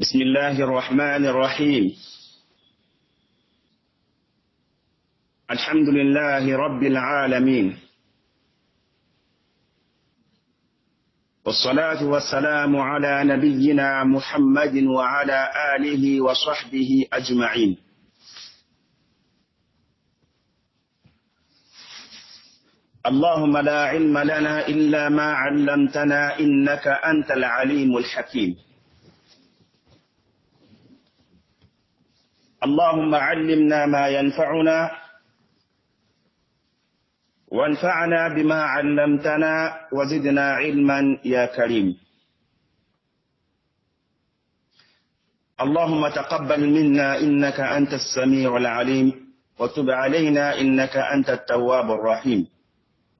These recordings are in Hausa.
بسم الله الرحمن الرحيم الحمد لله رب العالمين والصلاة والسلام على نبينا محمد وعلى آله وصحبه أجمعين اللهم لا علم لنا إلا ما علمتنا إنك أنت العليم الحكيم اللهم علمنا ما ينفعنا وانفعنا بما علمتنا وزدنا علما يا كريم اللهم تقبل منا انك انت السميع العليم وتب علينا انك انت التواب الرحيم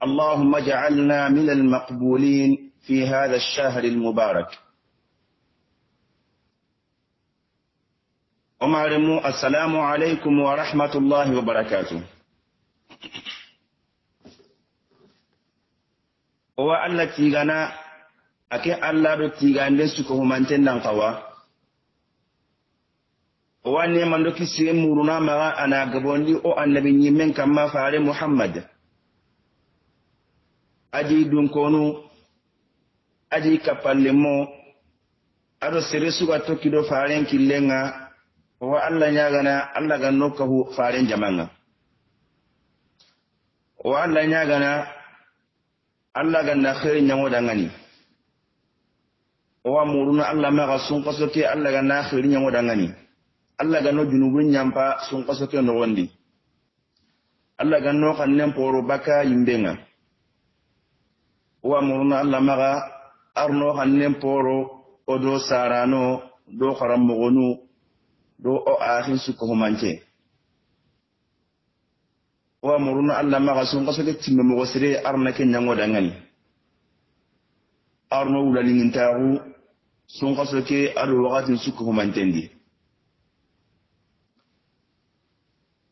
اللهم اجعلنا من المقبولين في هذا الشهر المبارك o maare mu assalamu aleykum wa rahmatullahi wa barakatuh o wa allah tiigana a ke allah ɗo tiigande suko humanten nan kawa o wa nemando kisiren muruna maga ana gabondi o annabi yimmen kamma fare muhammad aji dunkonu aji kappallen mo aɗo sere suga tokki ɗo faren killen ga wa allah ya gana allah gan nokkahu faren jama'a. wa allah ya gana allah ganna heri gani wa muruna allah maga ke allah ganna heri gani allah ganno junubu ke no nogondi allah ganno nan poro bakka yimbenga wa muruna allah maga arno nan poro odo sarano do mogonu do o axin sukko humance wa muruno allah ma sun xa soke timme mo sere arna ke dangani arno wulaningintaxu sun xa soke aɗo waxatin sukko humantendi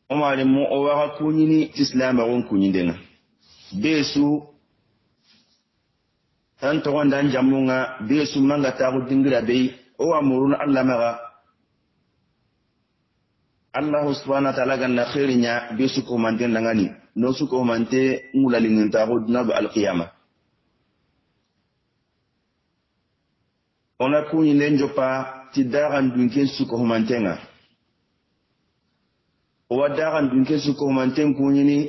omani mu o wa waxa kuñini islamaxun kuñindenga bee su tan toxondan jamunga bee su manga taxu dingira bei owa muruno allah ma Allah subhanahu wa ta'ala ganna khirinya be suko mante ndangani no suko ngula ngulali ta ko dinabu alqiyama ona kuni len jopa ti daran dunken suko mantenga owa daran dunken suko manten kunyini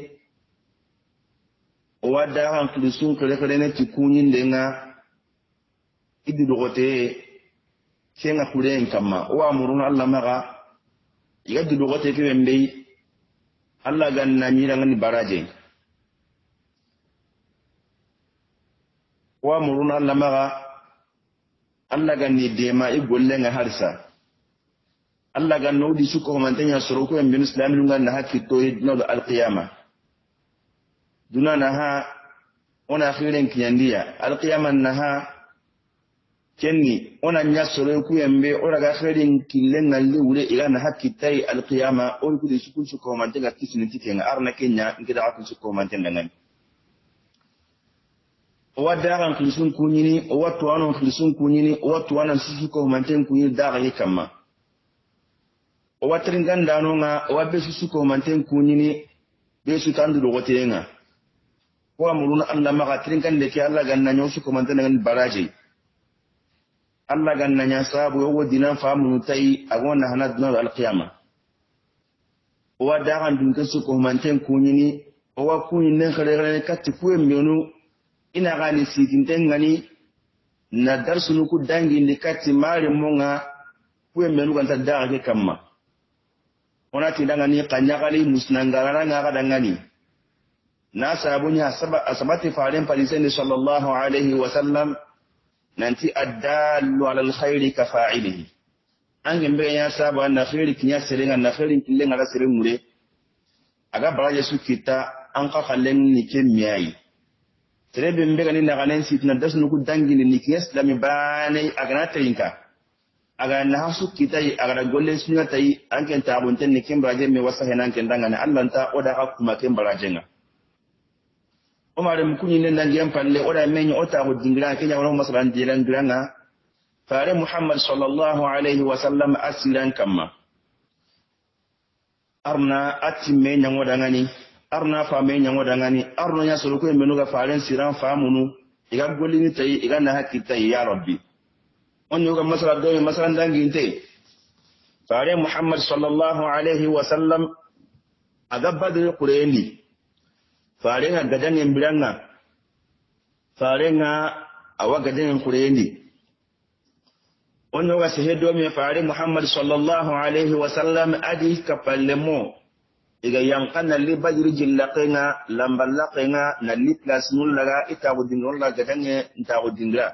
owa daran kilisun kere kere ne ti kunyin denga ididogote kenga kuren kamma wa murun allah maga iga dudugote keɓe mbey allah gan namirangani baraje wa muruna allah maga allah gan ni dema i gollenga harsa allah gan nowɗi sukko na soro kuɓe mbenu silaminungan naha kittori dunaɗo alqiyama duna naha kiyandiya al kiñandiya na ha. kenni ona nya soro ku yambe ora ga khairin killen ngalli wure ila na hakki tai alqiyama on ku su kun su ko man daga tisni nga arna kenya da akun su ko man tan nan wa daran kulsun kunyini wa tuwanon kulsun kunyini wa tuwanan su ko man tan kunyini daga ni kamma wa ganda dano nga wa be su ko man tan be su tandu logote nga ko amuluna Allah ga tringan de ke Allah ganna nyosu ko man tan ngal baraje ga nan ya sabu wadi nan famu tai agona hana dunar alqiyama wa da kan dun su ko manten kunyini o wa kunyin nan kare kare katti kuwe mionu ina gani sitin gani na dar darsu ku dangi ni katti mari monga kuwe mionu kan tadda ke kamma ona tidangani kanyakali musnangarara ngaka dangani na sabunya asabati farin palisen sallallahu alaihi wa sallam. nanti addallu ala alkhairi ka fa'ilihi angin be nya saba na khairi kinya serenga na khairi kinlenga la sere mure aga bala su kita an ka khalen ni ke miyai be mbe ga ni na ganen sit na dasnu ku dangini ni kiyas da mi bane aga na tayinka aga na hasu kita yi aga golle sunya tayi an ta abunten ni ke baraje me wasa henan ken dangane Allah ta oda ka kuma ken nga omare mukuñine nangiyan palle oɗa meño o taako dingira keña wono masalan diran giranga faare muhammad sallllahu alaihi wa sallam a siran kamma arna a timme ñangoɗangani arna faame ñangoɗangani arno ña sorokuye menuga faren siran famunu iga gollini tayi iga na hakkittayi ya rabbi on yoga masala domi masalan danginte faare muhammad sallllahu alaihi wa sallam aga badri kureyendi farenga gadanen biranga nga awa gadanen kureni onno ga sehe domin fare muhammad sallallahu alaihi wasallam adi kapalle mo iga yanka nalli badiri jillakenga lamballakenga nalli place nullaga itago dingirolaga gadange ntago dingira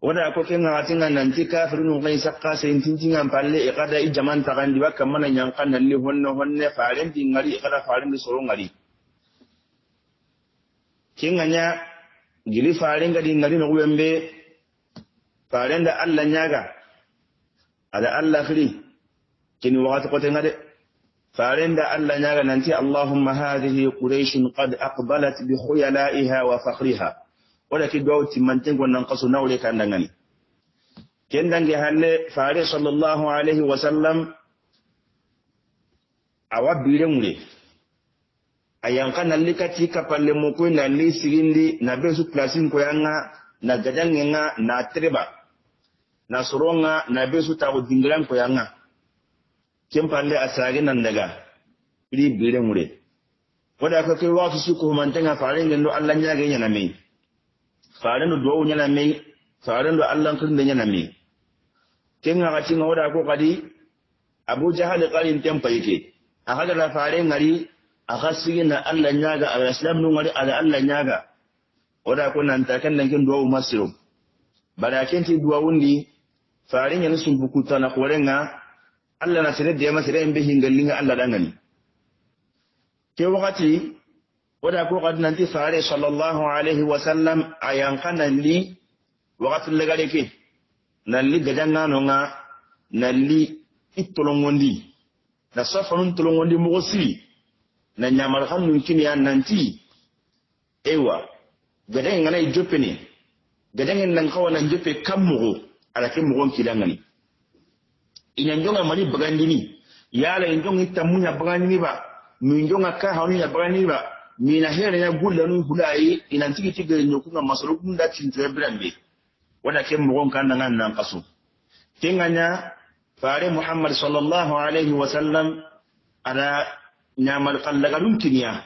wada ko ken ngati nan ti kafirun ngai sakka sen tin tin ngam palle e kada i jaman ta gandi wakka mana nyang kan nan li honno honne faren di ngari e kada faren di soro ngari ken nganya gili faren ga di ngari no wembe faren da Allah nyaga ada Allah kin ken ta ko ngade faren da Allah nyaga nan ti Allahumma hadhihi quraish qad aqbalat bi khuyalaiha wa fakhriha wala ki mantin timmanten gonnan kaso na nawle kan dangani ken dange halle faare sallallahu alaihi wa sallam awa bire mure a yanka nalli kati kapalle mo koy nalli sigindi na be su plasin ko yanga na gajan nga na treba na suronga na be su tawo dingiran ko yanga ken palle asage nan daga ri bire mure wada ka kai wa su ko man tanga do ngendo Allah nyaage yana mai do duwawu kun farendu allankirinde ñaname ken ga tinga ngoda ko kadi abu jahali karin ten payike aka farin fare ngari aka sigina allah nyaga awa islam nun ngari ala allah nyaga woda ko nanta ken nan ken duwawu masiro bara kenti duwawundi fare ñani sumbukutana korenga allah na sene dema sere en be hingallinga allah ɗangani ke wakati wadda ko qad nanti sare sallallahu alaihi wa sallam ayan kanan li wakati lagare ke nan nalli gajanna no nga nan li nalli itolongondi na safanun tolongondi mugo siri na nyamar hannun kini ya nanti ewa gadan ngana ijope ne gadan nan kawa nan jope kan mugo alakin mugon kilangani inyan jonga mari bagandini yala injonga itamunya bagandini ba mu injonga ka hawnya bagandini ba mina here ya gulla nu hulayi ina tigi tigi ne kunga masoro gunda tintere birambe wada ken mogon kan nan nan kaso kenganya fare muhammad sallallahu alaihi wa sallam ada nyamal kallaga dun kiniya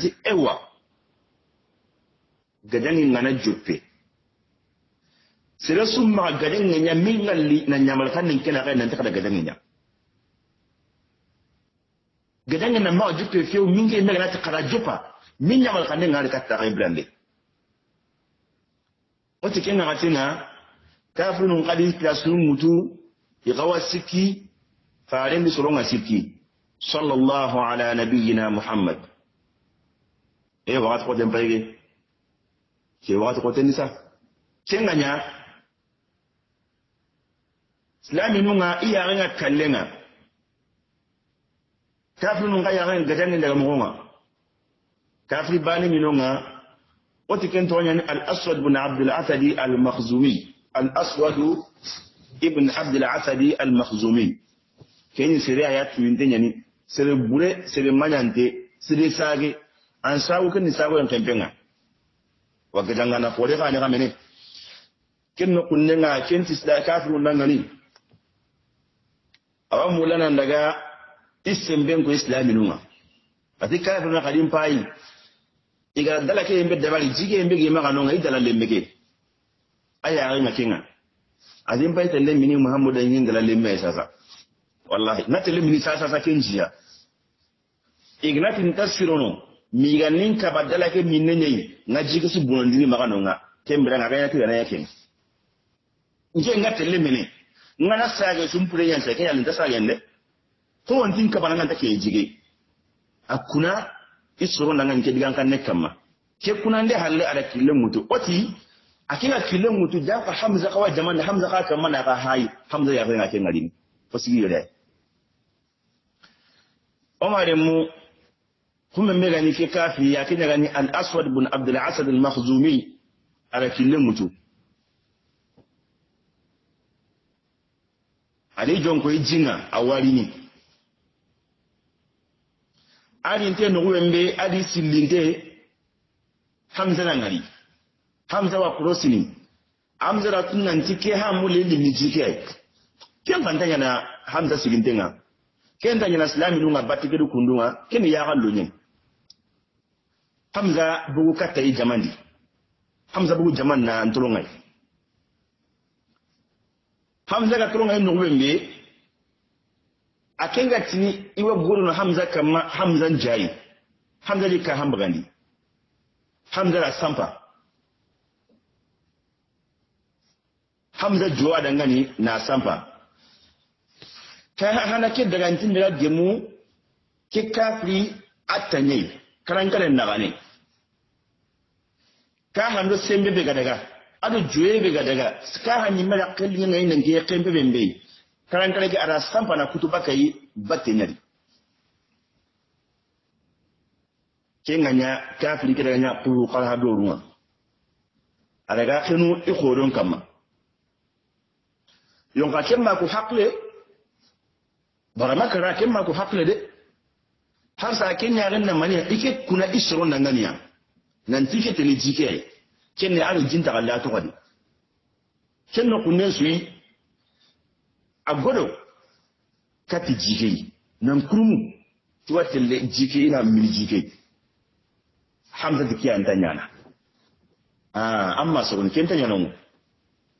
ji ewa gadani ngana juppe sira summa gadani nya mingalli na nyamal kan nin kina kai nan ta kada gadani nya gedang na ma jupe fiu mingi na na takara jupa minya mal kanin ngari katta kai blande wata kenga katina kafirun qadi plasun mutu igawa siki faren bi soronga siki sallallahu ala nabiyyina muhammad e wagat ko dem bayge ke wagat ko tenisa kenganya islami nunga iya nga kallenga kafiri nun ka yagan gajanin daga mɔgɔ ma kafiri bani minnu ka o ti kɛn tɔgɔ ɲani al-aswad ibn abdul asadi al-makhzumi al-aswad ibn abdul asadi al-makhzumi kɛn sere a y'a tun tɛ ɲani sere bure sere maɲante sere sage an sago kɛ nin sago yan fɛn fɛn kan wa gajangana fɔre ka ɲaga mɛnɛ kɛn na kunne ka kɛn ti kafiri nun na ŋani a b'a mɔlana daga issen ben ko minnu par parce que kala fena kadin payi igara dala ke yembe dabari jige yembe ge a nonga idala lembe ke aya ari makinga azin payi tende mini muhammadu yin dala lembe sasa wallahi natele mini sa sa kenjiya ignatin tasirono miga nin kaba dala ke minne nyi ka jige su bonondini maga nonga kembra nga gaya kira ya ken nje nga tele mini nga na sage sumpure yansa kenya linta sage ne fowon tin nan ke jige a kuna isoro nan ke digan kan ne kamma ke kuna nde halle ada kille mutu oti akinga kille mutu jafa hamza kawa da hamza ka kamma mana ka hayi hamza ya ga ke ngalini fasigi yore omar mu kun me gani ke kafi ya kina gani al aswad bin abdul asad al mahzumi ada kille mutu ale jon ko e jinga awari ni adinte noguɓen be adi sillinte na ngani Hamza wa kurosini Hamza ra tunanti ke hamu le limiti ke ken fanta ɲana hamsa siginte nga ken ta ɲana silaminu nga batikedu kundu nga keni yaxa loɲen Hamza bugu kattayi jamandi Hamza bugu jaman na ye Hamza ka ye noguɓen be A akenga tini iwa bugulu na hamza kama hamza ji hamza hamba gani hamza da sampa hamza juwa dangani na sampa ta hana ke dagantin da gemu ke kafri atanye karan karan na gane ka hamza sembe be ga daga adu juwe be ga daga ka hanyi mara kallin nan ke kai be mbe karankarage ara baka yi batte nyari ke ta kafiri keda nya pulu ruwa dorunga ga kinu i kama yon yonka kemma ku hakle barama kara kemma ku hakle de har sa ken yaren na maniya ike kuna i soron nanganiya nanti ke teni jike jinta Allah jintaga latogadi ken no kunnen suyi gudu kati jike nan kurmu tuwatin wata jike ina mil jike hamza ta kiyan ta nyana amma sabon kin ta nyana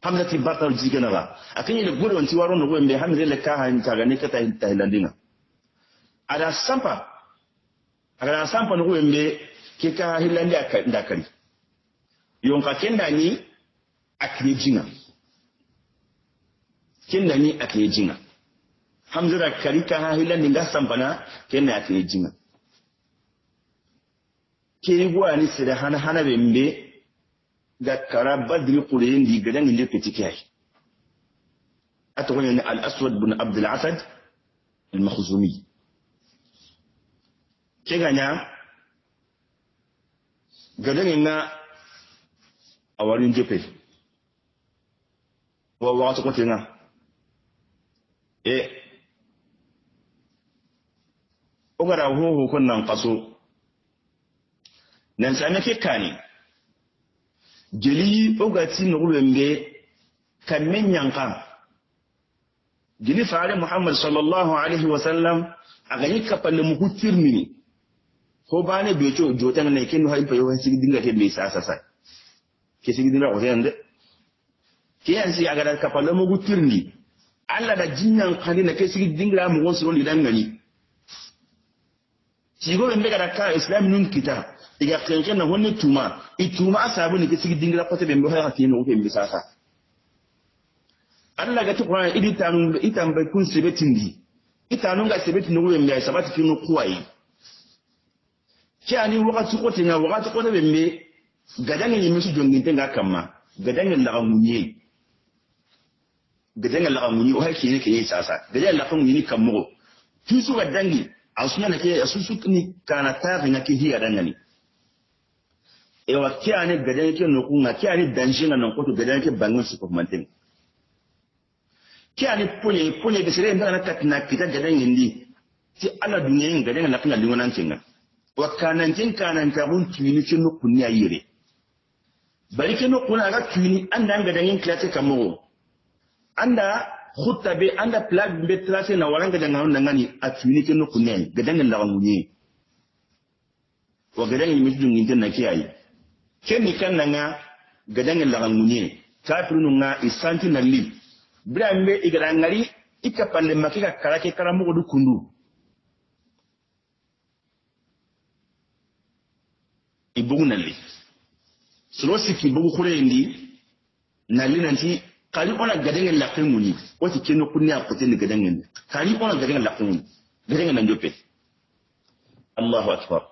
hamza ti batar jike na ba kan yi da gudu wanci waron da bai hamza da ka han ta gane ka ta hilandina da sampa ada sampa no bai ke ka hilandi akari yonka ka kenda ni akri jinga kenna ni ake jinga hamzara karika ha ni nga sambana kenna ake jinga keri ni sida hana hana be mbe ga kara badri qulayin di gadan inde petike ay ni al aswad bin abd al asad al makhzumi keganya gadan na awarin jepe wa wa ta kwatina e ugara huhu kunnan kaso nan sami fikka ne jeli ugati nugulen be kan min yankan jeli fare muhammad sallallahu alaihi wasallam a ganyi kafalin muhutir mini ko ba ne bai ce jotan ne kin haifa yau sai dinga ke mai sasa sai ke sai dinga o sai ande ke yanzu a aga kafalin muhutir ni Allah da jinnan kandi na kesigi dingira wasu wani dan gani sigoɓe mbe gata ka islam nun kita iga kenken na wani tuma i tuma a sabu ni kesigi dingira kote ɓe mbe hoyaka tini nogu ɓe mbe sasa alla gati qur'an idi tanu i tambe kun sebe di i tanunga sebe tindi nogu ɓe sabata ay sabati kino kuwayi ke na wakati kotenga wakati kote ɓe mbe gadange ñimisu jongintenga kama gadange laga ŋuñeyi gajenga la muni o haki ne ke yi sasa gajenga la kan yini kan mugo tun su dangi a suna na ke su su ni kana ta ga ke hiya ni. e wa ke ni gajenga ke no kunga ke ni danjinga nan ko to gajenga ke bangun su ko mantin ke ane punye punye da sire ndana na kita gajenga ndi ti ala duniyin gajenga la kan lingonan tinga wa kanan tin kanan ta bun tuni kin no kunni ayire bari kin no kuna ga tuni an dan gajenga kilati kan mugo anda khutta be anda plug be tracé na waranga janga nan ngani atuni ke ne kunen gadan la wangunye wa gadanga ni mijun ngin na ayi ken ni kan nga gadan la ta tunu nga isanti na li brambe igarangari ika pande makika karake karamugo du kundu ibugu na li bugu khure ndi na li nanti kari ona gadengen la kemuni wati keno kunya koteni ni kari ona gadengen la kemuni gadengen na njope Allahu akbar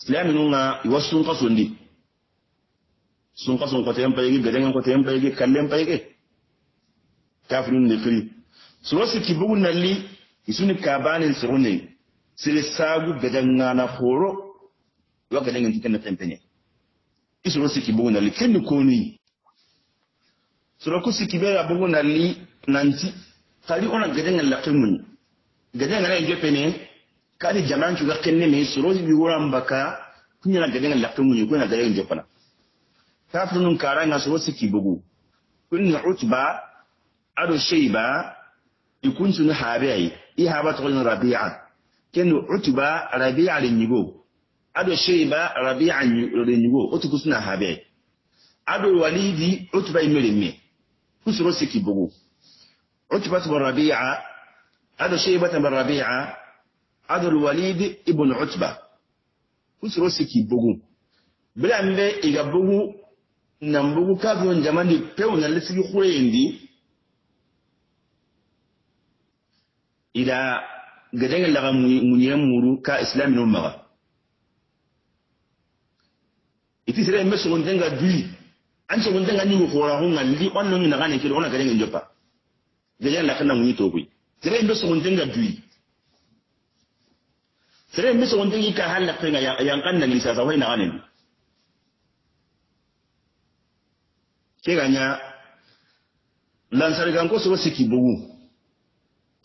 islami nunga iwasun iwa ndi sun kaso ko tayen payege gadengen ko tayen kalle kallen payege kafirun ne firi surosi kibugun nalli isuni kabani sirune sile sagu gadenga na foro wa gadengen tikana tempenye isuro siki bugun nalli kenni koni soroku sikibe ya bugu nali nanti kali ona gaden na laqimun gaden na inje pene kali jaman chuga kenne me sorozi bi baka kunya na gaden na laqimun ko na gaden inje pana kafirun kara nga soro siki bugu kun utba ado ikun i haba to rabi'a ken utba rabi'a lin yigo ado shayba rabi'a ado كسر سكي بغو عتبة بن ربيعة هذا شيبة بن ربيعة هذا الوليد ابن عتبة كسر سكي بغو بلا من ذي إيجا نم بغو كافي من جمال بيونا لسي إلى قدنا لغا منيام مورو كإسلام نمغا إتسرين مسلم تنغا دوي an ce mun tanga ni ko hora hun ngal li on ngi nagane kiro ona garen njopa yan da kana mun yi tobi sai inda su mun tanga duyi. sai mi su mun tanga ka halak tanga yang kan nan lisa sa wai nagane ni ke ganya lansar gan ko so siki bugu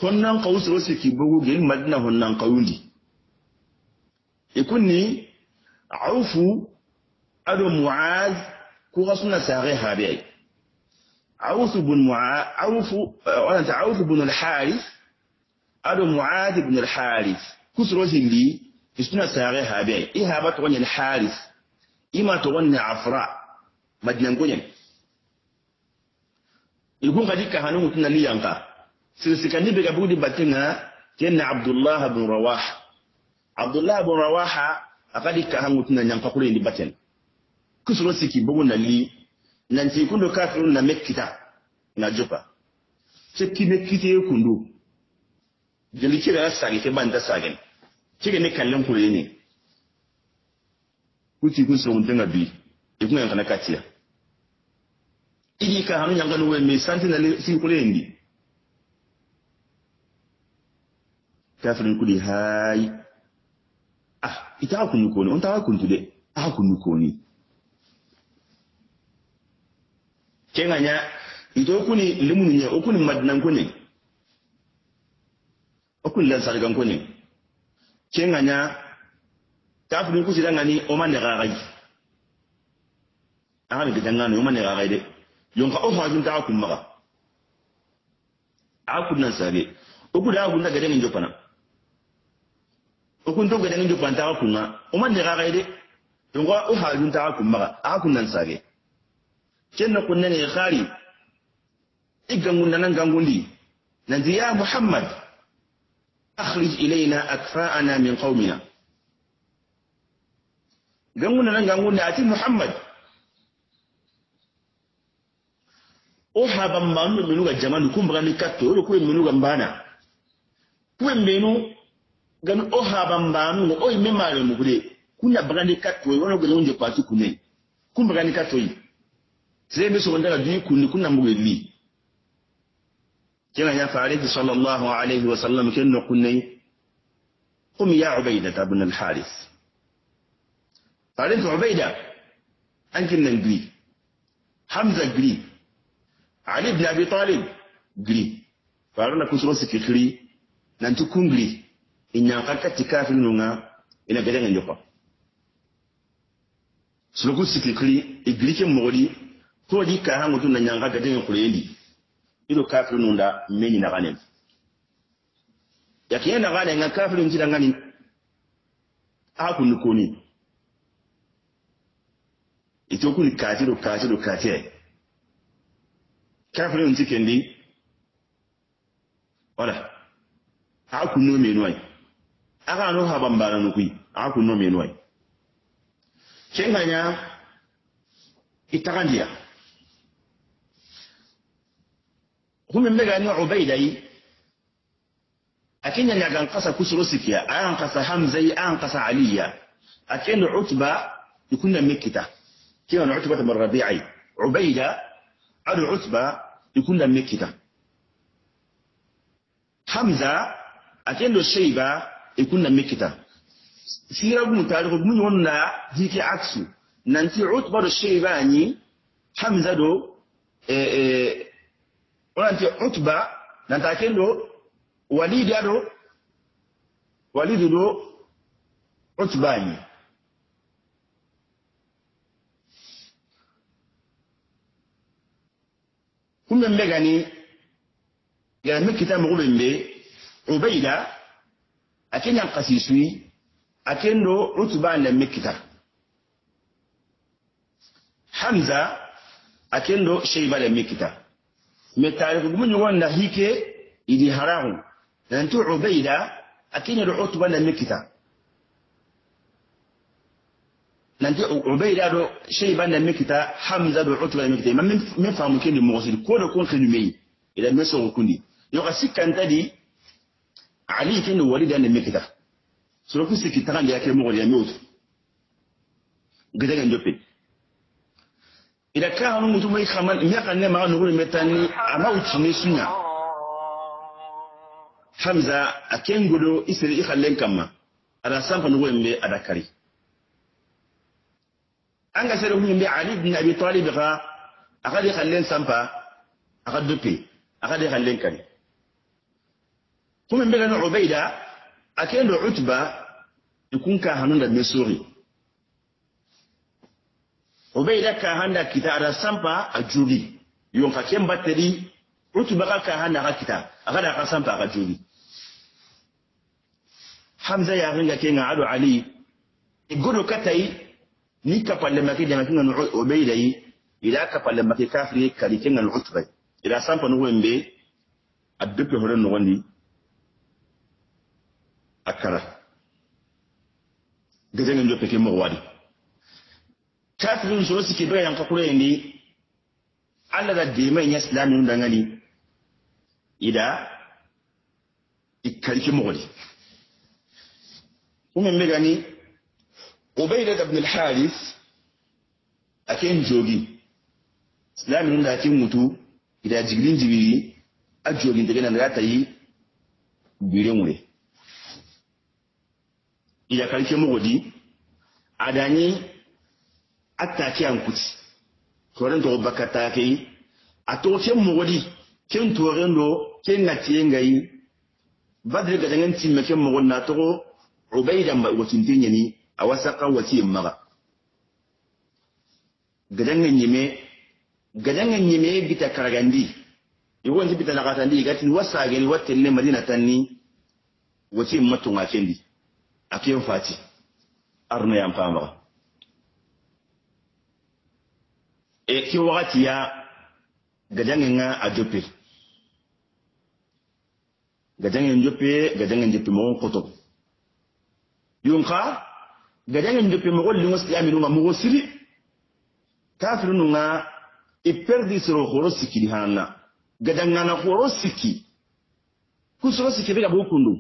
honnan kawu so siki bugu gel madina honnan kawuli ikunni aufu ado muaz كوغسنا ساغي هابي عوف بن معا عوف وانت عوف بن الحارث أدو معاذ بن الحارث كسر لي اسنا ساغي هابي إيه هابت وني الحارث إما توني عفراء مدنا نقول يكون يعني. قد كهانو متنا ليانكا سلسكني بكبودي باتنا كان عبد الله بن رواحه abdullah bin rawaha akadi ka hangu tuna nyam fakule ni baten kusuro siki bugu na li na nanti kundo kafiru na mekkita na jopa cekki mekkite ye kundo jeli cire ya sage ke banda sagen cike ne kallen kule ne kuti kun sun dinga bi ikun yanka na katiya idi ka hanu yanga no me santi na si kule ndi kafirin kuli hayi ah ita akun ko ne on ta akun tude akun ko ne kenga nya ito kuni limunu nya okuni madinan kuni okuni lan sargan kuni kenga nya kafin kusi dan gani o man da gagai an ga dan gani o man da gagai de yon ka ofa jun ta kun maka akun nan sabe oku da akun na gaden in jopana okun to gaden in jopan ta kun na o man da gagai de yonka ka ofa jun ta kun maka akun nan sabe kenna kunne ne khari igangunda nan gangundi nanti ya muhammad akhrij ilaina akfa'ana min qaumina gangunda nan gangundi ati muhammad o minu ga ni katto minu ga mbana gan o o katto wono kwatu ni katto yi Sai wanda sogondara biyu kunni kunna mbuge li kema ya da sallallahu alaihi wa sallam ken no kunnay qum ya al haris farin ubaida an kin nan gri hamza gri ali ibn abi talib gri farana kusuro sikikiri nanti kun gri inyankaka tikafin nunga ina gedenga njokwa sulukun sikikiri igirikin ke to ji ka hangu tun na nyanga ga den kulendi ido kafiru nunda meni na ganen yakiye na ganen ga kafiru njira ngani aku nukoni ito kuni kafiru kafiru kafire kafiru nji kendi wala aku no me noi aka no habambara nukui aku no me noi kenganya itakandia هم mega ni ubaydai akenya ni agankasa kusurosikia agankasa hamzai agankasa عليا akenda عتبة يكون مكتا كيف عتبة بن ربيعي عبيدة على عتبة يكون مكتا حمزة أكيد الشيبة يكون مكتا سيرة بن تاريخ بن ونا هيك عكسه ننسي عتبة الشيباني حمزة دو إيه، إيه، onanti utba nanta kendo walidi ado walidi do utba ni kumen be gani ya mi kita mu kumen be ubaida akenya kasisui akendo utba na mi hamza akendo sheiba da mi متعرف من يقول نهيك إذا هراهم لأن تو عبيدة أكين رحوت بنا مكتا لأن تو عبيدة رو شيء بنا مكتا حمزة رحوت بنا مكتا ما ما فهم كين المغسل كل كون خنومي إذا ما سو كوني يغسل كان تدي علي كين الوالد أنا مكتا سلوك سكتان يا كريم غريم يوسف قدرنا نجبي ila kila hanu mutu mai kaman mi kan ma nuru metani ama uci sunya hamza aken gudo isri ikhallen kama ada sampa nuru mbe ada kari anga sere hunyi mbe ali ibn abi talib ga akadi khallen sampa akadi dupi akadi khallen kari kuma mbe ga ubaida aken do utba ikun ka hanu da mesuri ka kahanda kita ada sampa ka yonka ka kita aka da ka sampa ka juri. hamza ya ke kenga adu ali igodo e katai ni kapalemaki demakinga obey yi ila e maki kafri kali kenga utba ila e sampa nuwembe horon no nogondi akara ke mo wadi. kafirin so suke bai yanka kure ne Allah da demen ya islami nun dangani ida ikarki mugudi kuma me gani ubayda ibn al-harith akin jogi islami da akin mutu ida jigirin jibiri a jogin daga nan da ta yi birin wuri ida karki mugudi adani atta ke an kuti toren to bakata ke a to ke mu wadi kin toren do na ngati e ngai badri ga dangan me kin mu wanna to ubayda ma watin dinya ni a wasaka wati e maga gadangan yime gadangan yime e bita karagandi iwon bita nakatandi gatin ni watin ne madina tanni wati ma kendi a ken fati arna yan fama e ki wakati ya gajangen nga a jope gajangen jope gajangen jope mo koto yun ka gajangen jope mo lingo sti aminu nga mugo siri kafiru nga e perdi sero horo siki di hanna gadangana horo siki kusoro siki be bukundu kundu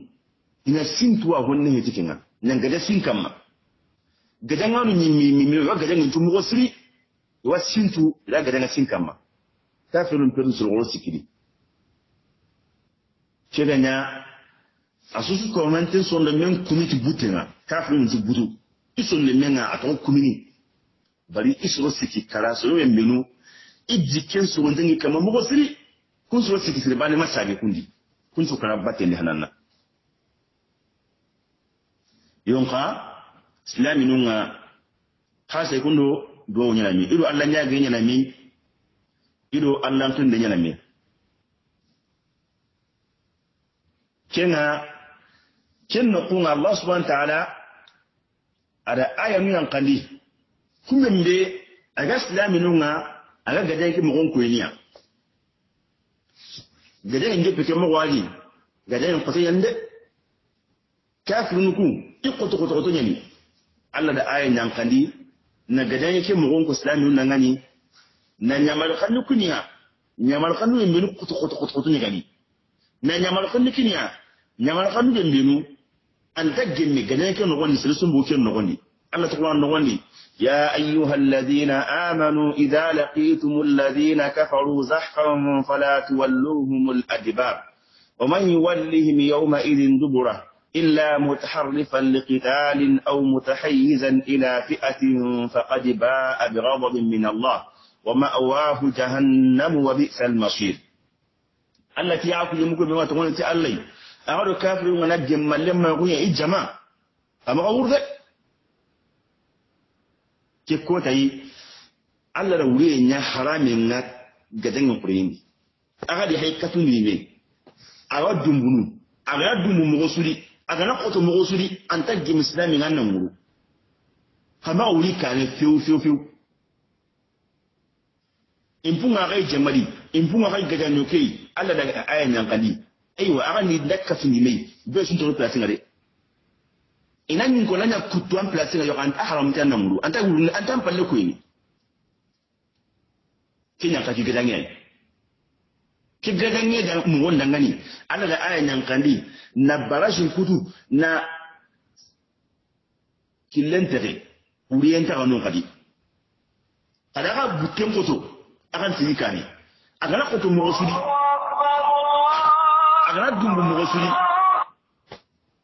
ina sintuwa honne hetikinga nan gada sin kamma gadanganu nyimmi mi mi wa gajangen tumo siri ga sintu sinkan ma ta fi kafirun pirun surgoro sikiri ceganya asusu kɔrɔnantin sɔnda men kumi ti bute ŋa kafirun ti butu i sɔnda men ŋa a tɔgɔ kumini bari i sɔrɔ ke kara su bɛ menu i su ken ne kama mɔgɔ siri kun sɔrɔ siki siri ba ne masu saage kundi kun su kara ba tɛli hannun na yon ka islami nu ta kasa kundo duwawu ñanami iɗo allah ñaage ñanami iɗo allahntunde ñanami kenga ken na kunga allah subhanau taala ada aya a nu yankandi kumen be aga silami nunga aga gadeke mogon koyniya gadeke jeppeke mogo adi gadeke kotoyan de kafirnuku i kotokotokoto ñani allah da aya yankandi na gadanya yake mugon ko slan nun nan gani na nyamal khannu kuniya nyamal khannu min kutu kutu kutu kutu ni gani na nyamal khannu kuniya nyamal khannu den binu an taggen ni gadanya yake nogon ni sulusun bo ke nogon ni Allah ta'ala nogon ni ya أيها الذين آمنوا إذا لقيتم الذين كفروا زحفا فلا تولوهم الأدبار ومن يولهم يومئذ دبره إلا متحرفا لقتال أو متحيزا إلى فئة فقد باء بغضب من الله ومأواه جهنم وبئس المصير التي يعقل يمكن بما تقول أنت الله أعرف كافر ونجم من لما يقول إيه جماعة أما أقول ذلك كيف كنت اي da wuri nya haramin na gadan kuremi aga di hay katun libe aga dumbunu aga dumbu a agana koto mogo sudi anta gemisilami nga nanguru hama wuli kane fewu fewu fewu impunga kai jamali a kai gajanyo kai alla daga ayan yankali aiwa aga ni dakka fini mai bai sun toro place ngare ina min ko nanya kutu an place ngayo an haram tan nanguru anta wuri anta palle ko ini kinya ka ki gajanyo ki ganye ga mu wannan gani Allah da ayan nan kandi na barashi kutu na killantere uriyanta wannan kadi kada ka butten kutu akan sigi a agana kutu mu rasuli agana dumbu mu rasuli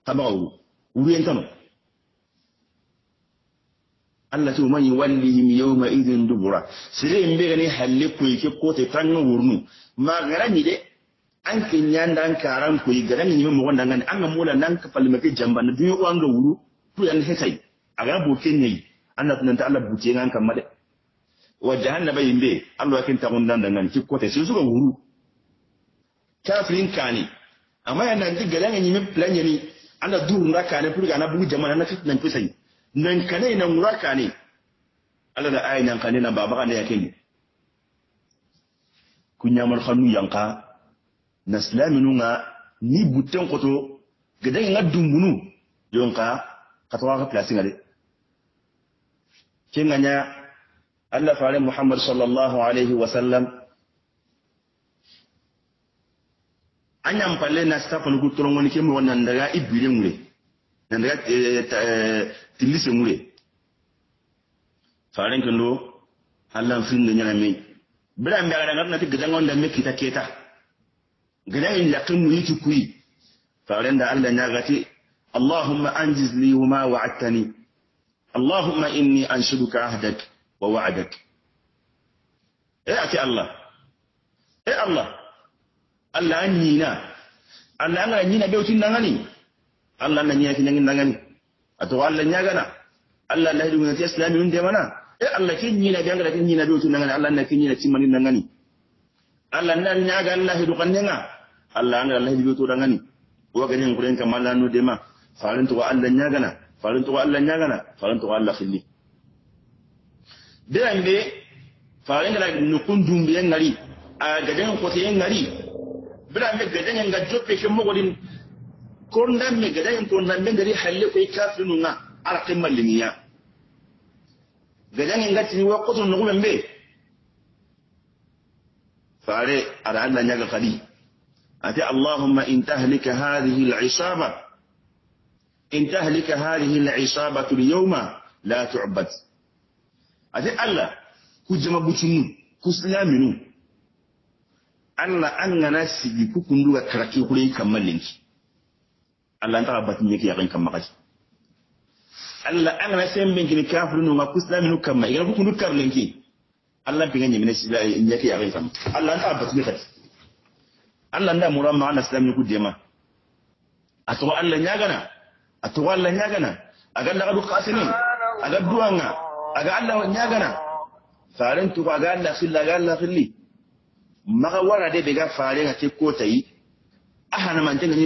kama uriyanta no allah tu man yuwallihim yawma idin dubura sire mbe gani halle koy ke kote tanno wurnu magarani de an kinyan dan karan koy garani ni mo wanda ngani an mula nan ka palme ke jamba na biyo wanga wuru to yan hetai aga bo kenyi anna tunan ta allah buce ngan kamma de wa jahannaba yimbe allah kin ta gundan dan ngani ki ko kote sun suka wuru kafirin kani amma yana ndi garani ni me plan yani ana durun rakane purga na bugu jama'a na fitnan fisai nan kane nan muraka ne ala da ayin nan kane nan baba kane yake ni kunya mar khanu yanka na islaminu nga ni buten koto gadan nga dumbunu yonka katwa ka place kin ganya Allah fare Muhammad sallallahu alaihi wasallam anyam palle na stapal gutoro ngoni kemi wonan daga ibirin ngure nandega tilli semure faren kendo hallan findo ñagame biran be agada ngatnati gedangon damme kita keta gedayin yakinmu yiti kuyi faren da allah ñagati allahumma anjiz li wama wa'adtani allahumma inni anshiduka ahdak wa wa'adak e ati allah e allah allah an ñina allah anga ñina ɓewtinnangani allah na nan gani, a to allah gana allah lahidu gunati islami nun mana eh allah ke ñina be angata ke ñina be otu ndangani allah na ke mani nan gani. allah na ga allah hidu kannenga allah angata allah hidu be otu wa ganin kuren mallan no nu ma farin to allah gana farin to allah gana farin to allah xilli biran be faren gara nukun dumbiyen nari a gaden nari ngari me gadan yan nga joppe shin mogodin كونن من جدا يوم كونن كافرين دري حلل في كافرنا على قمة الدنيا جدا إن جت نيو قط النقوم من بيه فاري على الله نجا خلي أتى اللهم إن تهلك هذه العصابة إن تهلك هذه العصابة اليوم لا تعبد أتى الله كجما بتشنو كسلامنو الله أننا سيجيكو كندوا تركي كلي كمالينكي allah ta yake n taxa batinñe ke yaxin kamma xay allah a ngana semben kini kafirununga ma kamma ku fo kundu linki allah eh, pinga ñemine ñe yake yakin kan allah ta taxa yake allah nda muran ma anda silaminu ku dema a to allah ya gana a to allah ya gana a ñagana aga laxadu xasini ga duwanga ga allah ya gana faren tu ga allah xilli ga allah filli maka wara de ɓe ga farenga te kotayi a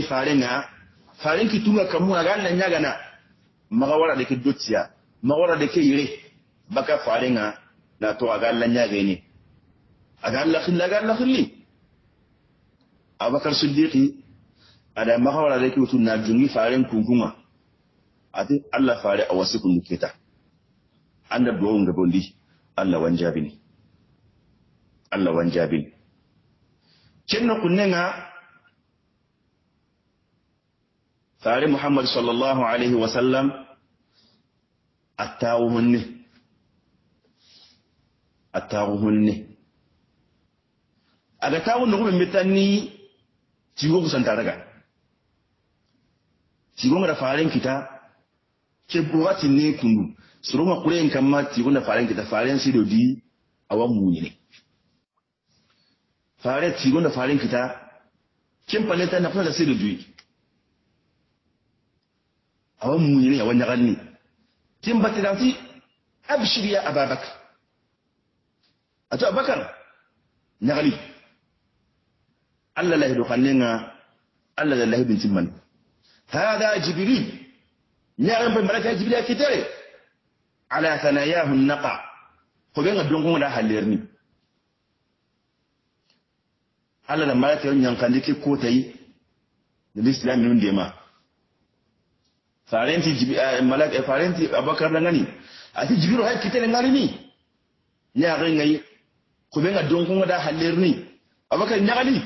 farin na farin ki tunga kamu a ganan ya gana maka wara da ke dotiya maka da ke yire baka farin a na to a ganan ya gani a ganan lakhilli a ganan lakhilli abakar siddiqi a da maka wara da ke wutu na jungi farin kunkuma a ti allah fare a wasu kun kita an da duwawun gabondi allah wan jabi ne allah wan jabi ne kin na kunne nga tare Muhammad sallallahu Alaihi wasallam attaruhunne attaruhunne aga tawun nugu mitanni tigo kusan taraga tigo da faren kita ke buwati ne kunu surunga kuren kama tigo na faren kita faren sido di awan ne fare tigo na faren kita kin ta na sai sido di awan muñini awa ñaganni tin battinanti abshir ya ababakar ato abakar ñagani allah lahido kannenga allah bin timman hada jibril an bai malaka jibril a kitere ala sanayahu naqa ko da dongongoɗa hallerni allah da malaka yankan ñankandi ke da nde l'islam nun ndema farenti eh, malak e eh, farenti abakar da ngani ti jibiru hay kitele ngari ni ya ga ngai ko be ngadon ko da haller ni abakar nyagali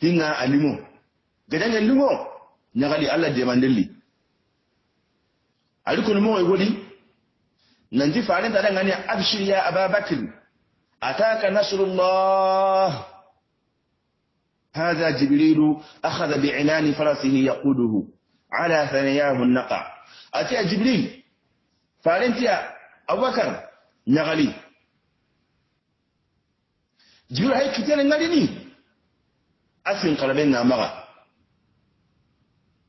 tinga alimo gadan alimo nyagali Allah de mandelli ari ko mo e nan ji farenta da ngani abshir ya ababakr ataka nasrullah هذا جبريل أخذ بعنان فرسه يقوده ala thaniyahum naqa atiya jibril farintiya abubakar nyagali jibril hay kitene ngalini asin kalaben na maga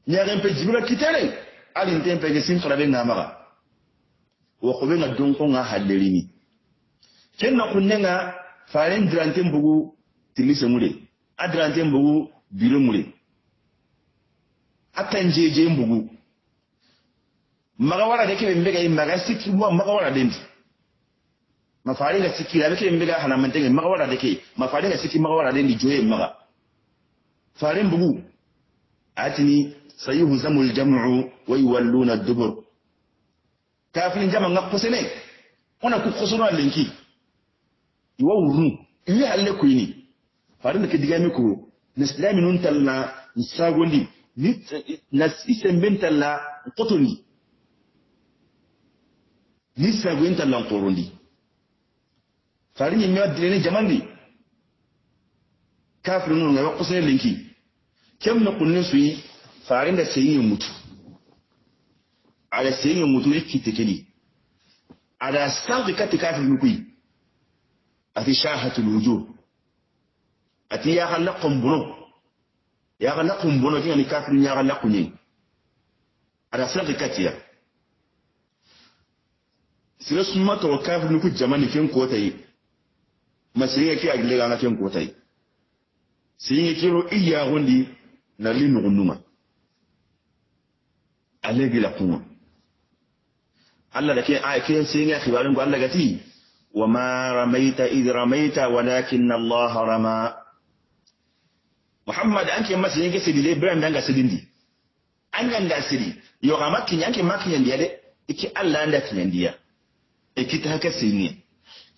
nyaren pe jibril kitene alin tempe ke sin kalaben na maga wa kubenga donko nga hallerini kenna kunnenga faren dirante mbugu tilise mure adirante bugu biro mure akan jeje mbugu magawara wara da kebe mbega maga siki wa magawara da dendi mafari ga siki da kebe mbega hana mantenge magawara wara da ke mafari ga siki maga wara dendi joye maga fari mbugu atini sayuhzamu aljam'u wa yuwalluna ad-dubur kafin jama nga kusene ona ku kosono linki iwa wurnu iwi halle kuyini fare da ke digami ko nislami nun talla nsagondi isembentalla kotoni ni farin ne nkorondi fari ñimmewa direni jamandi kafiri nunu ngaɓe kusene lenki kemne kunnin suyi farinda seyiŋe mutu a da ada seyiŋe mutu i kitte keni ada sanki katti kafirini kuyi ati shahatul wujur ati yaxalla kombono ya yaga lakum bono ke ni kafiru nyaga lakunyi ada sanke katiya sira summa to kafiru ni ku jamani ken ko tayi masirin yake agile ga ken ko tayi sin yake ro iya hundi na linu gunuma alege la kuma Allah da ke a ke sai ya khibarin go Allah gati wa ma ramaita id ramaita walakin Allah rama muhammad anke masa yake sidi le ibrahim danga sidindi angan da sidi yau ga makin yanke makin yandiya dai iki allah anda kin yandiya iki ta haka sini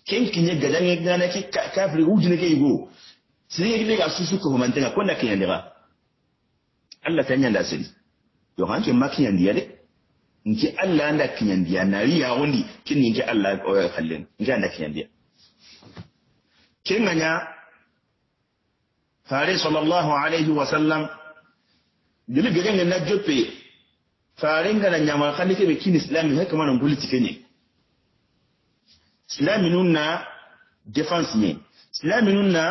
ken kin yi gadan yi gana ki kafiri wujin ke yigo sidi yake ga susu ko mantanga ko na kin yandiya allah ta yanda siri. Yau ga anke makin yandiya dai nki allah anda kin yandiya na riya wani kin ki allah kallin nki anda kin yandiya kin ganya faare sallallahu alayhi wa sallam jeli gege nge na joppe faare ngana nyama kandi kebe kin islami haka mana nguliti kenye islami nunna defense ne islami nunna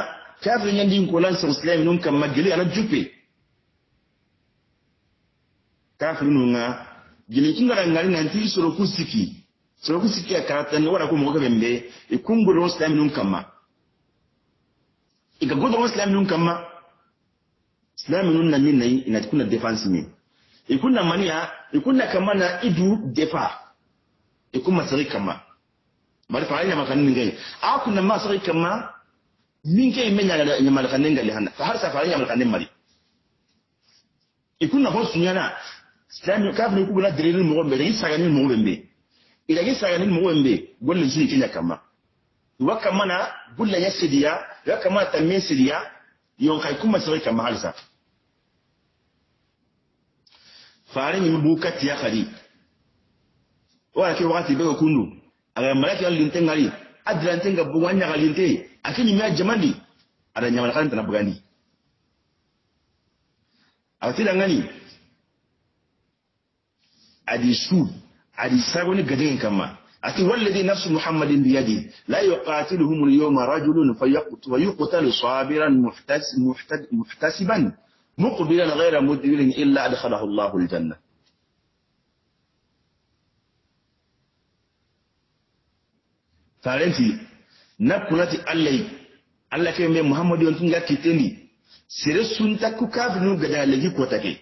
kafir nyandi nkolan sa islami nun kam mageli ana joppe kafir nunna jeli kingara ngari nanti soro kusiki soro kusiki ya karatan wala ko mo ko bembe ikunguro islami nun kamma i ka godoron silamɛ nun kan ma silamɛ nun na min na ina kuna defansi min ikuna kuna maniya kama na idu defa i kuma kama bari fa anya makan nin gai a kuna kama minke imenya na ya ya malakan nin gali hanna fa har sa fa anya malakan nin mari i kuna ho sunyana silamɛ kafin ku gona direnin mɔgɔ bɛ i sagani mɔgɔ bɛ ila ki sagani mɔgɔ bɛ golle shi kinya kama waka mana bulla ya sidiya waka mana tamin sidiya yon kai kuma sai ka mahalsa farin yi bukati ya fari wala ke wakati be kunu ala malaki al lintin ngari adran tinga buwan ya galinte akini mi jamandi ada nyamal kan tan bugani awti dangani adi su adi saboni gadin kama أتي والذي نفس محمد بيده لا يقاتلهم اليوم رجل فيقتل صابرا محتس محتسبا مقبلا غير مدبر إلا أدخله الله الجنة فارنتي نقلت علي الله كيما محمد يونتون جاكي تاني سيرسون تاكو كافنو غدا لجي كوتاكي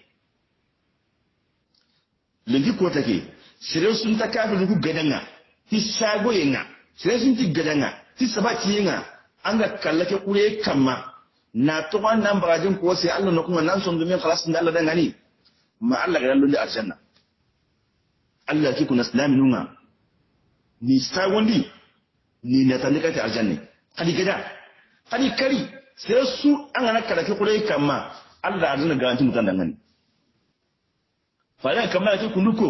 لجي كوتاكي سيرسون تاكافنو غدا لجي كوتاكي ti shagoye nga sai sun ti gada nga ti sabati nga an ga kallake kure kamma na to nan barajin ko sai Allah na kuma nan son dumin khalasin inda Allah dan gani ma Allah ga lulli arjanna Allah ki kuna islami nunga ni sagondi ni na talika ta arjanni kadi gada kadi kari sai su an ga kallake kure kamma Allah arjanna garanti mutan dan gani fa ya kamma ki kunuko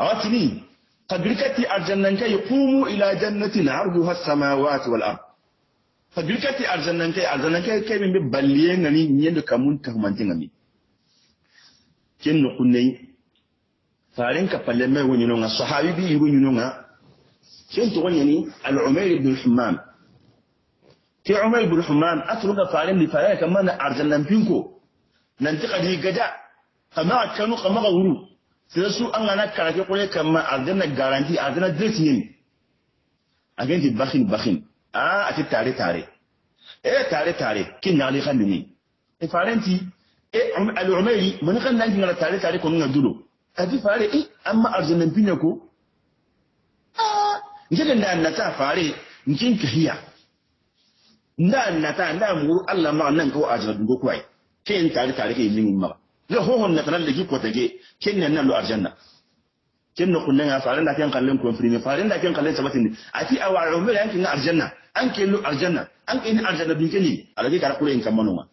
awatini فبركة أرجننك يقوم إلى جنة عرضها السماوات والأرض فبركتي أرجننك أرجننك كم من بلين نني نيند كمون تهمن تغني كن نقولني فارن كبلما ونينونا صحابي بي ونينونا كن تغنيني العمير بن الحمام في عمير بن الحمام أتلقى فارن لفارن كمان أرجنن بينكو ننتقد هي جدا كما كانوا كما غورو سيسو أنا كاركي قولي كما أردنا غارانتي أردنا دريتين أجنتي بخين بخين آه أتي تاري تاري إيه تاري تاري كي نالي إيه فارنتي إيه العميري من خان نانجي على تاري تاري كونغ دولو أتي فاري إيه أما أرجنا بينكو آه نجد أن نتا فاري نجين كهيا ندا نتا ندا مو الله ما نانكو أرجنا بينكو كوي كين تاري تاري كي يلين مرة la hohon na tanal legi kin kenna nan lo arjanna kenna kunna ya faran da kan kallon confirm faran da kin kallon sabatin fi awa umar yanki na arjanna an ke lo arjanna an ke ni arjanna bin kini alaki kara kure in manoma ma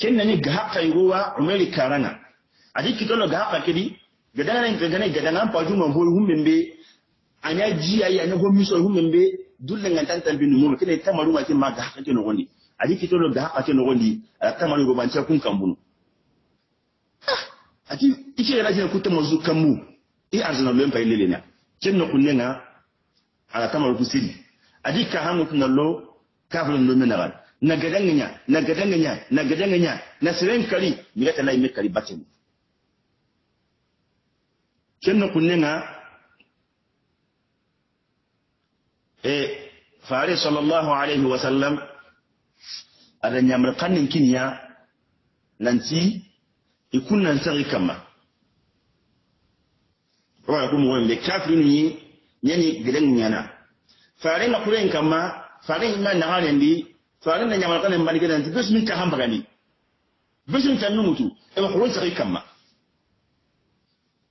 kenna ni ga hakka ruwa umar karana ati kitolo ga haka kidi gadana ni gadana gadana pa juma ho humbe anya ji ya a ho miso humbe dulle ngantan tantan bin mu kene tamaru ma kin ma ga kin kino goni ati kitolo ga kin kino goni tamaru go ban kun bunu ati ike yala jina kuta mazu mu i arzina lo mpa ilele na ken no kunne nga ala kama ku adi ka hangu tuna lo ka fulan lo mena gal na nya na nya na nya na siren kali mi gata lai me kali batin ken no kunne nga e fare sallallahu alaihi wasallam ada nyamar kannin kinya nanti i kunnan sagi kamma owaga ko mogoɓe ɓe kafirinu yi ñani geɗen ñana farenga kuren kamma faren mani nagarendi farenna ñamalkane mbanigedanti besmin tahan bagandi besmin tannu mutu ewa kuron kama.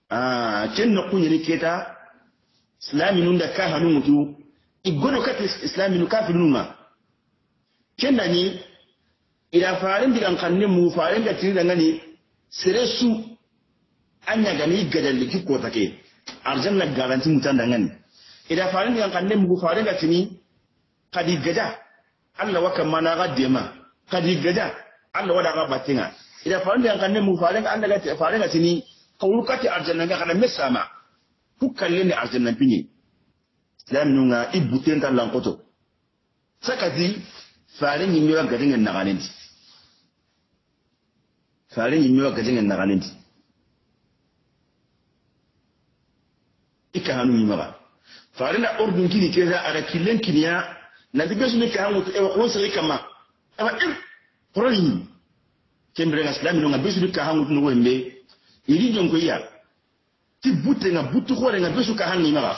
kamma ken no kuñani keta islami nun da kahanu mutu i godo kati nun ma, cin na ni ida farin digan kanne mu faren da tiridangani an ya gani gadalli ko take na garanti mutan dangani ida farin yan kan nemu farin da tini kadi gada Allah waka mana gaddema kadi gada Allah wada ga batinga ida farin yan kan nemu farin an daga ga farin ga tini arjan na ga kada Ku kukalle ne na bini lam nunga ibuten kan lankoto sakati farin yin yawa gadin nan ganin faren yi miwa kajin na galinti ika hannu yi mara faren na ordun kini ke za a rakilin kiniya na dibe su ne ka hannu ta ewa kwan sai kama ama ir yi kembere na silami nuna nga besu ni ka hannu tun wembe iri jonko kwaya ti bute na butu kore na besu ka hannu yi mara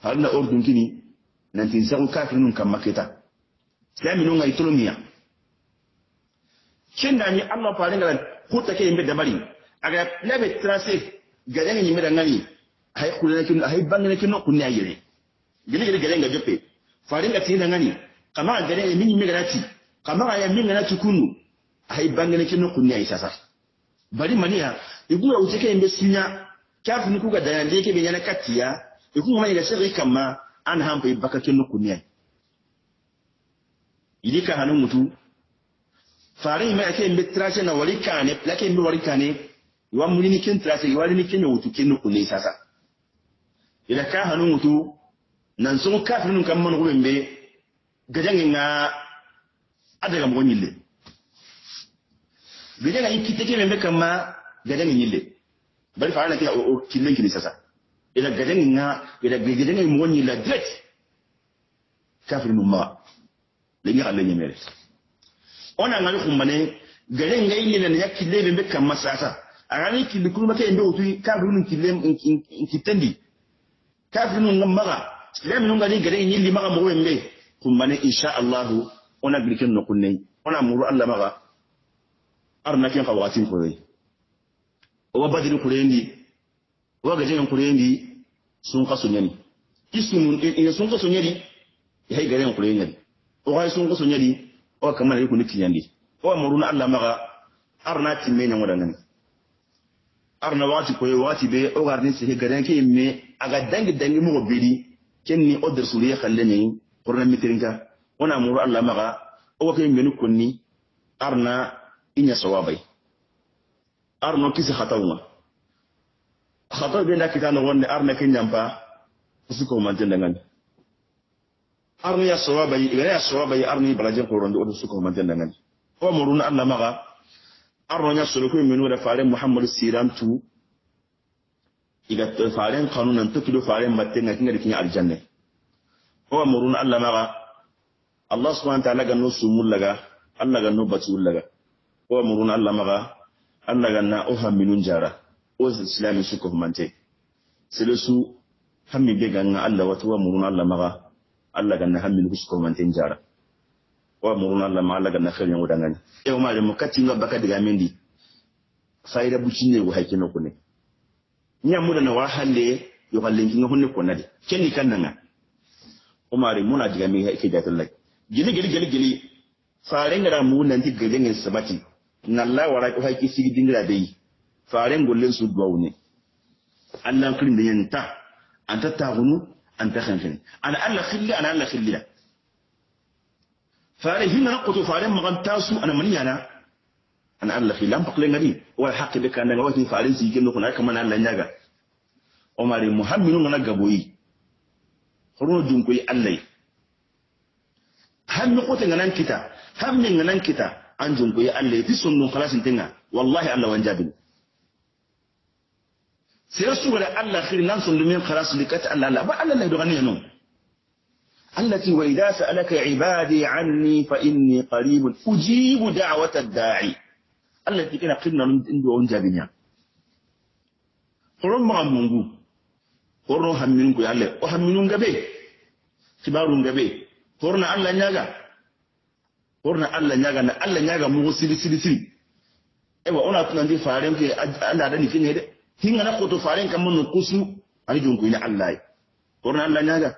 faren na ordun kini nantin sagu kafin nun kan maketa silami no itolomiya da ni allah paren garan hutta ke yimɓe dabari aga laɓe tracé garenga yimɓe ɗa gani hay kulenakino hay bangenakino kunne a gare gene gene garenga joppe ni tinida gani gare garenga min yimɓe ganati kamaga ya min ganati kunu hay no kunne ay sasa bari igu igura ute ke yimɓe sinya ga kuga dayande ke ɓe katiya kattiya ma maniga sere kama an hampa i no kenno kunne ay idi ka mutu farin hima ake mbe trashe na walikane lake mbe walikane iwa mulini kin trashe iwa lini kin wutu kin ne sasa ila ka hanun wutu nan sun kafin kan man gurin be gajan nga adaga mo nyille gajan yi kitake mbe kan ma gajan nyille bari fara na ke o killen kini sasa ila gajan nga ila gajan mo nyilla direct kafin mu ma linga Allah ne mere ona ngali kumbane gare ngai ni ya yakile mbe kama masasa arani ki dukuru maka endo utu ka runu ki lem ki tendi ka runu ngamaga lem nunga ni gare ni limaga mwe mbe kumbane insha allahu ona grikin no kunne ona muru Allah maga arna kin kawatin ko dai wa badri kurendi wa gajin kurendi sun kasu nyani isu mun sun kasu nyari ya gare kurendi o ga sun kasu nyari o na yiku niti yandi o maruna allah maga arna timme ñangoɗangani arna wakati koye wati be o garni sehe garen ke me aga dangi dangi mogo beedi kenni o dersuriye halle ñayi korona mitirinka na muru allah maga o wake meni konni arna i ña arna arno kisi hatawunga hataw ɓe nda kita nogonde arna ke ñampa fusukomantendangani arni ya sawaba yi ya sawaba yi arno baraje ko rondo odu suko man tan dangan o murun Allah maga arno ya suluku minu da fare muhammadu sirantu iga faren kanunan ta kido faren matten ga kinga dikin aljanna o murun Allah maga Allah subhanahu wa ta'ala ga no sumul laga Allah ga no batul laga o murun Allah maga Allah ga na o haminun jara o islami suko man te selesu hammi be ga Allah wa tuwa murun Allah maga Allah ganna hammin kusko manten jara wa murun Allah ma Allah ganna khairin wudangani e o mare mukati nga baka diga mendi faida bucine go hakino kune nyamuda na wahalle yo hallenki nga hunne konade kenni kannanga o mare muna diga mi ke jatallai gili gili gili gili faren da mu nan ti gelen sabati nalla wara ko hakki sigi dingira dai faren gollen su duwaune Allah kirin da yanta an tattahunu أن تخن فين أنا ألا خلي أنا ألا خلي لا فأنا هنا نقطة فأنا مغان تاسو أنا مني أنا أنا ألا خلي لم بقلي غري والحق بك أنا وقت فأنا زيجي نكون أنا كمان ألا نجا أمري محمد أنا جابوي خروج دونكوي ألاي هم نقطة غنان كتا هم نغنان كتا أنجم كوي ألاي تسون خلاص انتنا والله ألا وانجابني sira sugore allah khir nan sun dumin khalas likat allah allah ba allah lay doxani Allah allati wa idha sa'alaka ibadi anni fa inni qarib ujibu da'wata ad-da'i allati kana qinna ndu on jabinya qurum ma mungu horon hamminun ku yalle o hamminun gabe kibarun gabe qurna allah nyaga qurna allah nyaga na allah nyaga mu sili sili sili ewa ona di faren ke allah da ni kinye de hingana koto faren kam mun kusu ani junku ina allah korna allah nyaga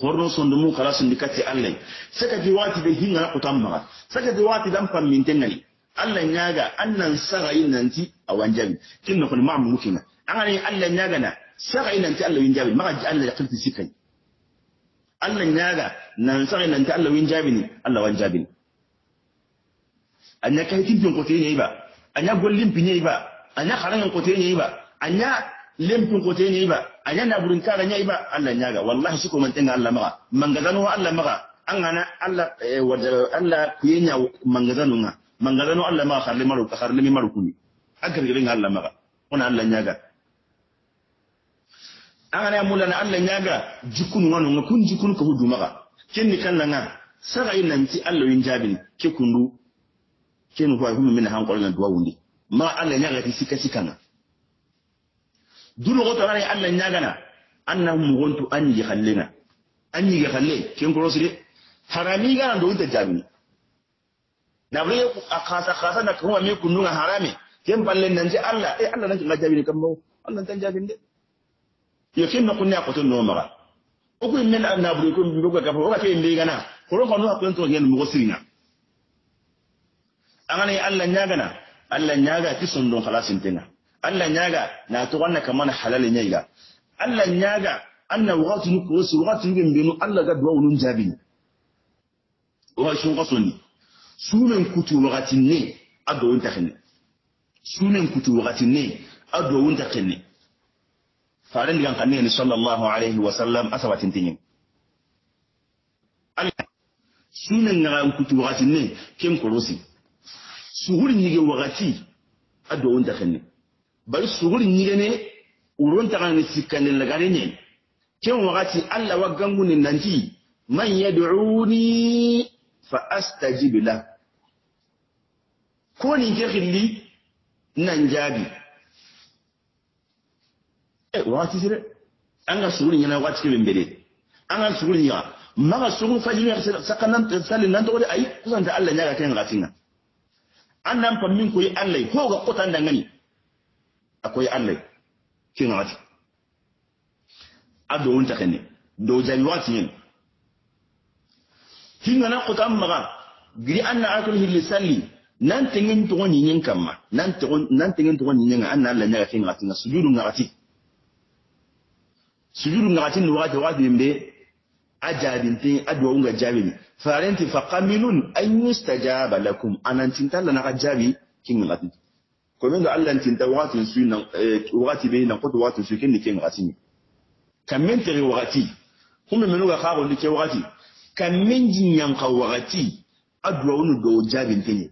korno sondumu kala sundi kati allah saka fi wati be hingana kutam ma saka fi wati dan pam min tengani allah nyaga annan saga inanti awanjabi kinno kun ma mu kina angani allah nyaga na saga inanti allah yinjabi ma ji allah yaqilti sikai allah nyaga nan saga inanti allah yinjabi ni allah wanjabi anya kahitin pin ko tini ba anya gollin pin ba anya haramin kote ne ba anya limfin kote ne ba anya na burin kara ne ba Allah ya ga wallahi shi ko man tinga Allah maka mangazanu Allah maka an gana Allah eh, Allah kuyenya mangazanu nga mangazanu Allah maka harle maru harle mi maru kuni agar girin Allah maka kuna Allah ya ga an gana mula na Allah ya ga jikun wani nga kun jikun ka hudu maka ni kan nan sara yin nan ti Allah yin jabin ke kundu ku huwa hum min han qolna duwa wundi ma allah ñagati sikka sikkanga goto anani allah ñagana anna mugontu an yi xallenga an ñigi xalle kenkorosiri haramigana ndowinta jaabini nabule a kasa kasa na kuma me harami kin balle nan ji allah e allah nan nanke nga ne kan mu allah nan jaabini ne ya ken na ku kunne a koton noo maga okuy men nabule ko mboga kafa oga fe ko nuna ku hakkulen to mu mogo siriŋa angana ye allah ñagana Allah ya ga ki ti don khalasin tinga Allah ya ga na to wanna kamana halal ga. Allah ya ga anna wagati ku kurusi wagati bin binu Allah ga duwa ulun jabi wa shun qasuni sunan kutu wagati ne addo won kenne. sunan kutu wagati ne addo won kenne. faran digan kanne ne sallallahu alaihi wa sallam asabatin tinin. Allah sunan ku kutu wagati ne kin kurusi suhuri ñige wagati a dowon takenne bari suhuri ñigene uron takani la lagane ñen ken wakati allah wa ni nanti man yaduni fa astajib la ko ni ke xilli nan jaabi e wakati sire an ga suhuri ñana wakati ke mbede an ga suhuri ñiga maga suhuri fajiri sakannan salli nan togode ayi kusanta allah ñaga ken ngatinga an annan ku koyi allai ko ga kutan dangane akwai allai kin wati ado wunta kane do jari wati yin kin na kutan maga giri anna akul hilisalli nan tingin to woni yin kamma nan to nan tingin to ni yin anna allai ne ga kin wati na sujudu ngati sujudu ngati ni wati wati ne ajabintin aduwa unga jabi farenti faqamilun an yustajaba lakum anan talla na jabi kin ngati ko min da Allah tin tawatin su nan wati be na eh, kodo wati su kin kin ngati ni kan min tiri wati kuma min ga kawo ni ke wati kan min jin yan ka wati aduwa unu do jabin tin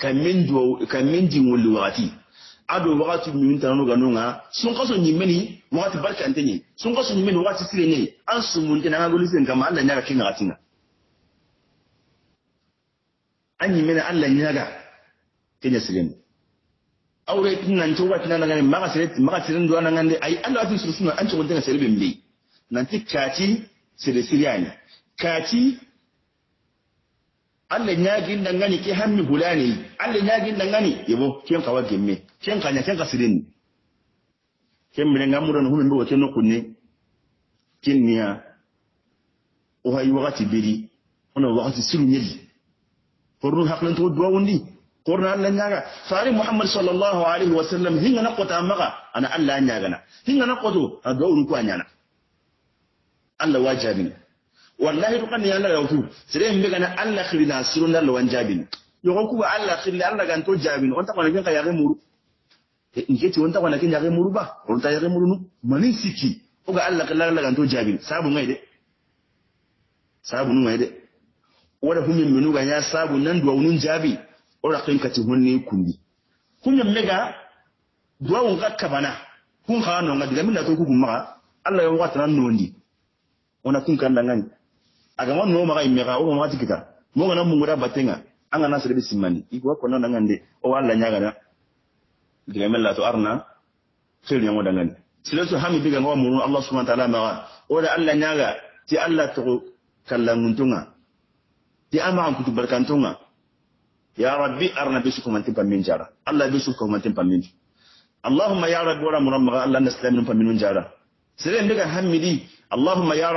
kan min do kan min jin wulu wati ado wagati min tanu ganu nga sun kaso nyimeni wagati barka antenye sun kaso nyimeni wagati ne an sun mun tana ga gulisin kama Allah ya kinga atina an yimeni Allah ya ga kenya sirenye aure tin nan to wati nan ngani maka sirenye maka sirenye do nan ngani ai Allah fi suru suna an ci gunta sirenye bi nan ti kati sire siriyani kati alle ñaagin dangani ke hammi hulani alle ñaagin dangani yabo ken kawa gemme ken kanya ken kasirin ken mine ngammuɗon humi mbiwo ken ne ken niya o hay wakati beri ono wakati siru ñeli hornu haklantogo duwawundi korna allah ñaaga faari muhammad sallallahu alaihi wa sallam hinga nakkota maga ana allah hin ñaagana hinga nakkoto a duwawunu ko a ñana allah wajabi ne wallahi to kanni yalla yawtu sire himbe gana alla khirina dal lawan jabin ko ku Allah khirli Allah ganto jabin on ta kwana kin kayare muru eh, nje ti on ta kwana kin yare muru ba on ta yare muru nu manin siki ga Allah kala Allah ganto jabin sabu ngai de sabu nu ngai de hu min menu ga ya sabu nan duwa unun jabi ra kin kati hunne kunni kunyin mega duwa un kakka bana kun ha no ngadiga na to ku gumma Allah yo wata nan nondi ona kun kan dangani agama no maga imega o maga tikita mo ngana mungura batenga anga na sirebi simani igwa kono na ngande o wala nyaga na digamel la to arna sel nyango dangani so hami biga ngwa muru allah subhanahu wa ta'ala o da allah nyaga ti allah to kallanguntunga ti ama an kutu barkantunga ya rabbi arna bisukum antipa minjara allah bisukum antim minjara Allahumma ya Rabbi wa ramma Allah نسلم من jara جارا سلام hamidi حمدي اللهم ya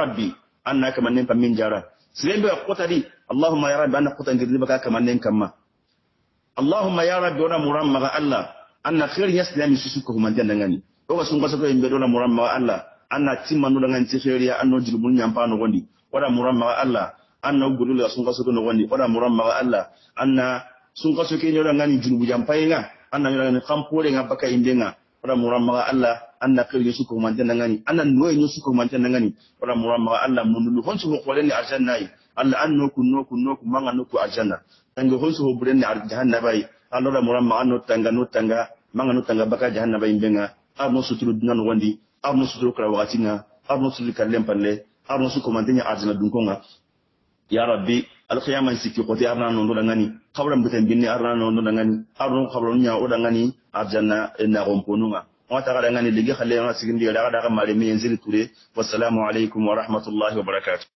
anna kamannin pam min jara silen kota di allahumma ya rabbi anna qotan girdi baka kamannin kamma allahumma ya rabbi ona muram maga allah anna khair yaslami susuko humanda ngani o ga sun kasato imbe dona muram maga allah anna timmanu dangan ti ya anno jilbun nyampa no gondi wada muram maga allah anna gudulu sun kasato no gondi wada muram maga allah anna sun kaso ke nyoda ngani junubu jampainga anna nyoda ngani kampore nga baka indenga Orang muram maga allah anna kir yusu ko man tan ngani anan no yusu ko man tan ngani wala muramma alla mundu hon su ko len arjanna yi alla anno kun no kun no manga no ku tan tanga hon su ni bai alla muramma anno tanga no tanga manga no tanga baka jahanna bai benga arno sutru dunan wandi arno suturu kra wakatinga arno suturu kallem palle arno su ko man tan arjanna dun nga ya rabbi sikki ko arna non do dangani kabram beten binni arna non do ngani arno kabram nya o ngani arjanna na gomponunga وتعالى أن اللي خلينا نسجن دي لغدا غمالي من ينزل تولي والسلام عليكم ورحمة الله وبركاته